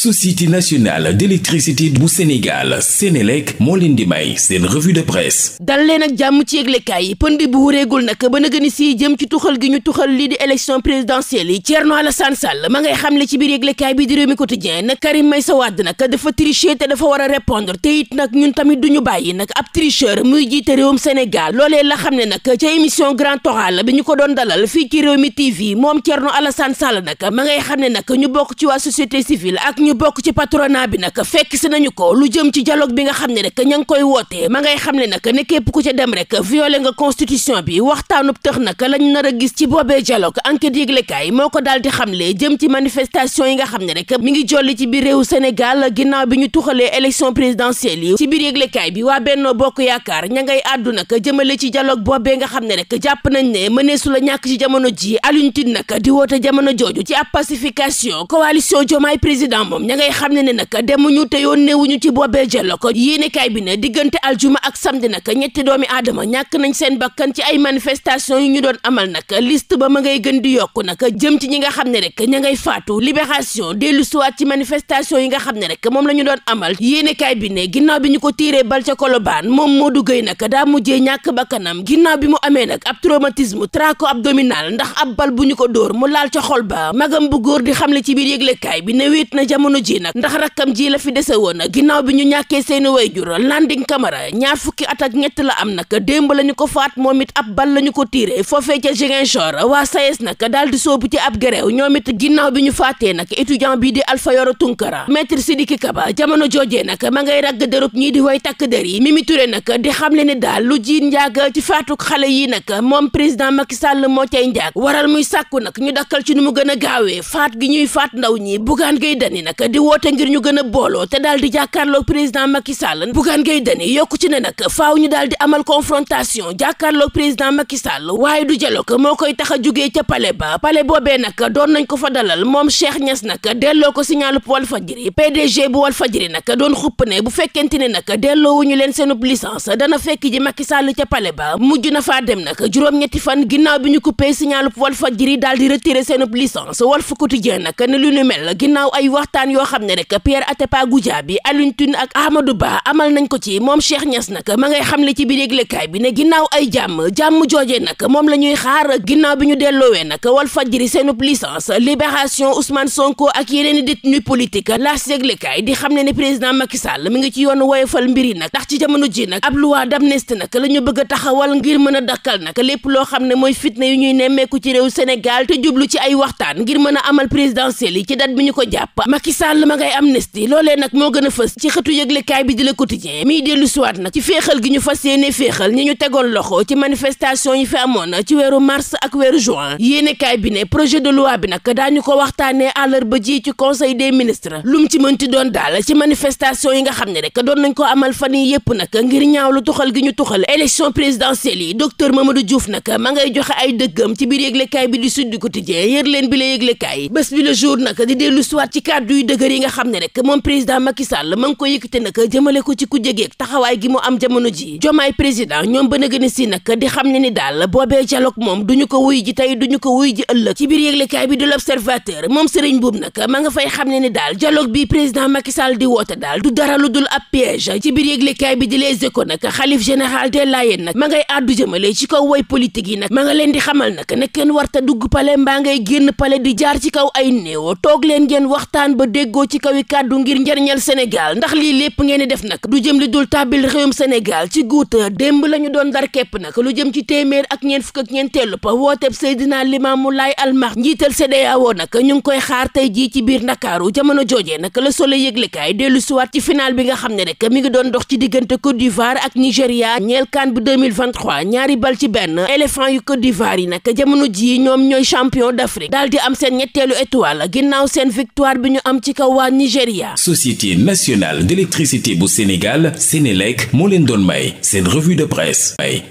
société nationale d'électricité bu Sénégal Sénélec moo leen di may seen revue de presse dal leen ak jàmm ci yëglekaay yi pënd bu wuréegul nag ba nëgë ni si jëm ci tuxal gi ñu tuxal lii di élection présidentielle yi Thierno Alassane Sall ma ngay xamle ci biir yëglekaay bi di Rewmi Quotidien nag Karim Meïssa Wade nag dafa tricher te dafa war a répondre te it nag ñun tamit duñu bàyyi nag ab tricheur muy jiite réewum Sénégal loolee la xam ne ko doon dalal fii ci Rewmi TV bokk ci ñu bokk ci patronat bi nag fekk si nañu ko lu jëm ci dialogue bi nga xam ne rek ña ngi koy wootee ma ngay xam ne nag ne képp ku ci dem rek violé nga constitution bi waxtaanub tëx nag lañu nar a gis ci boobee dialogue enquête yëglekaay moo ko daal di xamle jëm ci manifestation yi nga xam ne rek mi ngi jolli ci biir réewu Sénégal ginnaaw bi ñu tuxalee élection présidentielle yi ci biir yëglekaay bi waa Benno Bokk Yaakaar ña ngay àddu nag jëmale ci dialogue boobee nga xam ne rek jàpp nañ ne mëneesu la ñàkk ci jamono ji Alioune Tine nag di woote jamono jooju ci ab pacification coalition moom ña ngay xam ne ne nag ñu te yoon newuñu ci boobee la ko yéenekaay bi ne diggante aljuma ak samedi nag ñetti doomi aadama ñàkk nañ seen bakkan ci ay manifestation yu ñu doon amal nag list ba ma ngay gën di yokk nag jëm ci ñi nga xam ne rek ña ngay faatu libération dellu siwaat ci manifestation yi nga xam ne rek moom la ñu doon amal yéenekaay bi ne ginnaw bi ñu ko tiiree bal ca kolobaan moom moo Gueye nag daa mujjee ñàkk bakkanam ginnaaw bi mu amee nag ab traumatisme traco abdominal ndax ab bal bu ñu ko dóor mu laal ca ba magam bu góor di xamle ci biir yëglekaay bi ne na jamono jamono ji nag ndax rakkam ji la fi dese woon ginnaaw bi ñu ñàkkee seeni wayjur Landing Camara ñaar fukki at ak ñett la am nag démb la ñu ko faat moom it ab bal la ñu ko tiire foofee ca Ziguinchor waa SAES e nag daal di soobu ci ab grève ñoom it ginnaaw bi ñu faatee nag étudiant bii di Alpha Yoro Tunkara maître Sidiki Kaba jamono joojee nag ma ngay ragg dërëb ñii di way takk der yi Mimi Touré nag di xamle ne daal lu ji njaag ci faatu xale yi nag moom président Macky Sall moo cay njaag waral muy sàkku nag ñu dakkal ci nu mu gën a gaawee faat gi ñuy faat ndaw ñi bugaan gay dani nag nag di woote ngir ñu gën a booloo te daal di jàkkaarloog président Macky Sall Bougane Gueye Dany yokku ci ne nag faaw ñu daal di amal confrontation jàkkaarloog président Macky Sall waaye du dialogue moo koy tax a jugee ca palais ba palais boobee nag doon nañ ko fa dalal moom Cheikh Niass nag delloo ko signalu Walfadjri PDG bu Walfadjri nag doon xupp ne bu fekkente ne nag ñu leen seen seenub licence dana fekk ji Macky Sall ca pale ba mujj na faa dem nag juróom-ñetti fan ginnaaw bi ñu coupé signalu Walfadjri daal di retiré seenub licence Walf Quotidien nag ne lu ñu waxtaan yoo xam ne rek Pierre Atepa Goudiaby Alioune Tine ak Amadou Ba amal nañ ko ci moom Cheikh Niass nag ma ngay xam le ci biir yëglekaay bi ne ginnaaw ay jàmm jàmm joojee nag moom la ñuy xaar ginnaaw bi ñu delloowee nag Walf Fadjri seenub licence libération Ousmane Sonko ak yeneen i détenu politique laas yëglekaay di xam ne ne président Macky Sall mi ngi ci yoon woyofal mbir yi nag ndax ci jamono ji nag ab loi d'amnistie nag la ñu bëgg a taxawal ngir mën a dakkal nag lépp loo xam ne mooy fitna yu ñuy nemmeeku ci réew Sénégal te jublu ci ay waxtaan ngir mën a amal présidentielle Sall ma ngay amnistie loolee nag moo gën a fës ci xëtu yëglekaay bi di Le Quotidien miy dellu siwaat nag ci féexal gi ñu fas yéene féexal ñi ñu tegoon loxo ci manifestation yi fi amoon ci weeru mars ak weeru juin yéenekaay bi ne projet de loi bi nag daañu ko waxtaanee àllarba ji ci conseil des ministres lu mu ci mënti doon daal ci manifestation yi nga xam ne rek doon nañ ko amal fan yi yëpp nag ngir ñaawlu tuxal gi ñu tuxal élection présidentielle yi docteur Mamadou Diouf nag ma ngay joxe ay dëggam ci biir yëglekaay bi di Sud du Quotidien yër leen bi la yëglekaay bés dëgër yi nga xam ne rek moom président Macky Sall ma a gën a si nag di xam ne ni daal boobee dialogue moom duñu ko wuy ji tey duñu ko wuy ji ëllëg ci biir yëglekaay bi bi di woote daal xalif général des Layènes nag ma ngay àddu jëmale ci kaw woy politique yi nag ma nga xamal nag ne warta dugg pale mbaa ngay génn pale di jaar ci kaw ay néew toog leen ngeen waxtaan ba déggoo ci kawi kàddu ngir njariñal Sénégal ndax lii lépp ngeen di def nag du jëm li dul tàbbil réewum Sénégal ci guuta démb la ñu doon dar képp nag lu jëm ci téeméer ak ñeen fukk ak ñeen tellu pa wooteb Seydina Limaamu Laay almax njiital CEDEAO nag ñu ngi koy xaar tey jii ci biir Ndakaaru jamono joojee nag Le Soleil yëglekaay dellu siwaat ci final bi nga xam ne rek mi ngi doon dox ci diggante Côte d'Ivoire ak Nigéria ñeel CAN bu ñaari bal ci benn éléphant yu Côte yi nag jamono jii ñoom ñooy champion d'Afrique daal di am seen ñetteelu étoile ginnaaw seen victoire bi ñu am jëm ci kaw waa Nigéria. Société nationale d'électricité bu Sénégal Sénélec moo leen doon may seen revue de presse may.